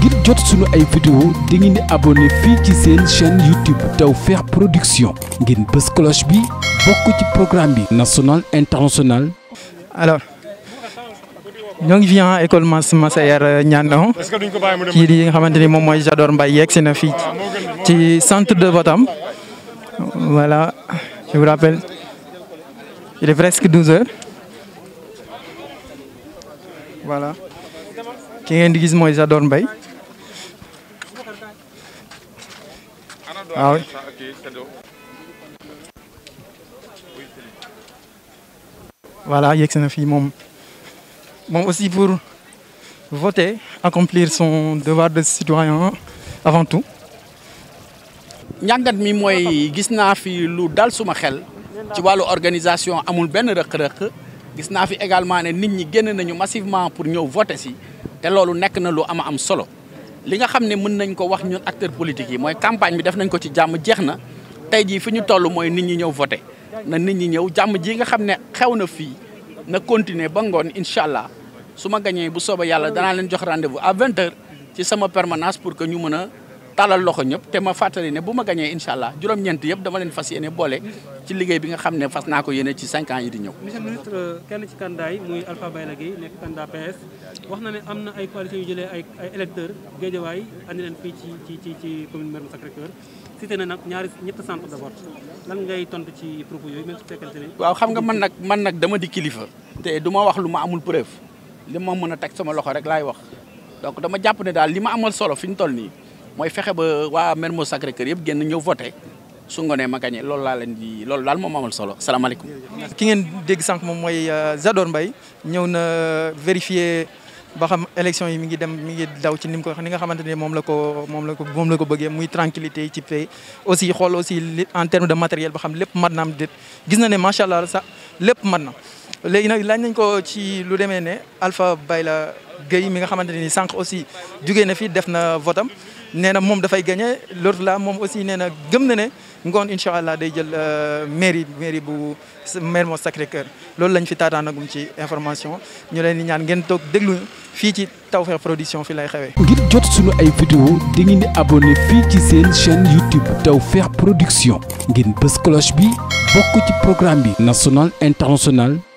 ngir jot sunu ay vidéo di ngeen di abonné fii ci seen chaîne YouTube Tawfekh Production ngeen bës cloche bi bokk ci programme bi national international. alors ñoo ngi fi ah école Mass Massaër Niandon kii di nga xamante ni moom mooy Jador Mbaye yegg si na fii ah, ci centre de vote am voilà je rappelle il est presque 12 heures ki ngeen di gis mooy Jador mbay waaw ah voilà yegg na fii moom moom aussi pour voter accomplir son devoir de citoyen avant tout njàngat mi mooy gis naa fi lu dal suma xel ci wàllu organisation amul benn rëq-rëq gis naa fi également ne nit ñi génn nañu massivement pour ñëw voter si te loolu nekk na lu ama am solo li nga xam ne mën nañ ko wax ñun acteurs politiques yi mooy campagne bi def nañ ko ci jàmm jeex na tey jii fi ñu toll mooy nit ñi ñëw voté na nit ñi ñëw jàmm ji nga xam ne xew na fii na continuer ba ngoon incha allah su ma gañee bu soobee yàlla danaa leen jox rendez-vous à ci sama permanence pour que ñu mën a tàllal loxo ñëpp te ma fàttali ne bu ma gañee incha allah juróom-ñeent yëpp dama leen fas yéene boole ci liggéey bi nga xam ne fas naa ko yéene ci cinq ans yi di ñëw. monsieur ministre kenn ci kandaay yi muy Alpha Bayla Gueye nekk candidat PS wax na ne am na ay coalition yu jëlee ay ay électeurs Guédiawaye andi leen fii ci ci ci commune Mermoz Sacré-Cœur cité na nag ñaari ñetti centre de vote lan tontu ci waaw xam nga man nag man nag dama di kilifa. te du wax lu ma amul preuve li ma mën a teg sama loxo rek laay wax donc dama jàpp ne daal li ma amal solo fi ñu toll nii mooy fexe ba waa Mermoz Sacré-Cœur yëpp génn ñëw voté su ngoonee ma gagné loolu laa leen di loolu daal moom amal solo salaamaaleykum. ki ngeen dégg sànq moom mooy euh, Zador Mbaye ñëw na euh, vérifier ba xam élection yi mi ngi dem mi ngi daw ci ni mu ko ni nga xamante ne moom la ko moom la ko moom la ko bëggee muy tranquillité ci paix aussi xool aussi en terme de matériel ba xam lépp mat na am déet gis na ne macha allah sax lépp mat na. léegi nag lañ nañ ko ci lu demee ne Alpha la Gueye mi nga xamante ne ni sànq aussi jugee na fi def na votam nee na moom dafay gagné l'autre laa moom aussi nee na gëm na ne ngoon incha allah day jël euh, mairie mairie bu maire moo Sacré Cœur loolu lañ fi taataanagum ci information ñu leen di ñaan ngeen toog déglu fii ci Tawfekh Production fi lay xewee. ngir jot suñu ay vidéo di ngeen di abonné fii ci seen chaîne YouTube Tawfekh Production ngeen bës cloche bi bokk ci programme bi national international.